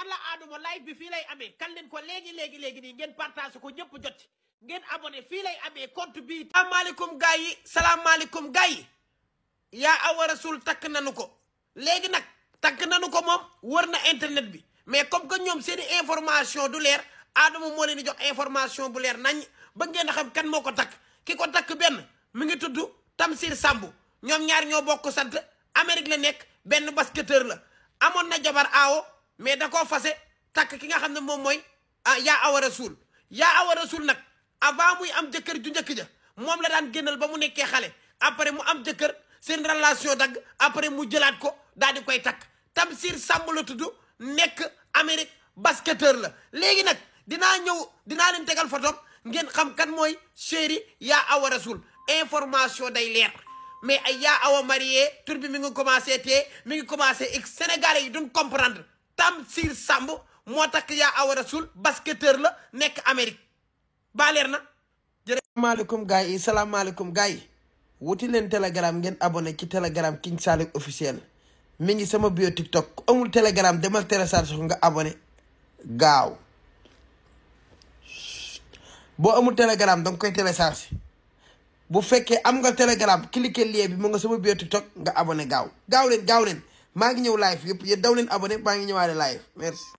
alla aaduma live bi fii lay amee kan leen ko léegi léegi léegi nii ngeen partage ko ñëpp jot ngeen abonné fii lay amee compte bi salaamaaleykum gars yi salaamaaleykum gars yi yaa awara rasul takk nanu ko léegi nag takk nanu ko moom wër na internet bi mais comme que ñoom seeni information du leer aadama moo leen di jox information bu leer nañ ba ngeen xam kan moo ko takk ki ko takk benn mi ngi tudd Tamsir Samb ñoom ñaar ñoo bokk sant Amérique la nekk benn basketteur la amoon na jabar aawo mais da koo fase takk ki nga xam ne moom mooy ah yaa awa rasul yaa awa rasul nag avant muy am jëkkër ju njëkk ja moom la daan génnal ba mu nekkee xale après mu am jëkkër seen relation dagg après mu jëlaat ko daal di koy takk Tamsir Samb la tudd nekk Amérique basketteur la léegi nag dinaa ñëw dinaa leen tegal photom ngeen xam kan mooy chéri yaa awa rasul information day leer mais ay yaa awa marié tur bi mi ngi commencé te mi ngi commencé ik sénégalais yi duñ comprendre Tamsir Samb moo takk yaa awa rasul basketteur la nekk amerik baa na. salaamaaleykum gars yi salaamaaleykum gars yi wuti leen telegram ngeen abone ci telegram King Saliou officiel mi ngi sama bio TikTok amul telegram demal télécharge ko nga abone gaaw boo amul telegram danga koy télécharge bu fekkee am nga telegram cliquer lien bi nga sama bio TikTok nga abone gaaw gaaw gaaw leen. maa ngi ñëw live yëpp yéen daw leen abonné maa ngi ñëwaale live merci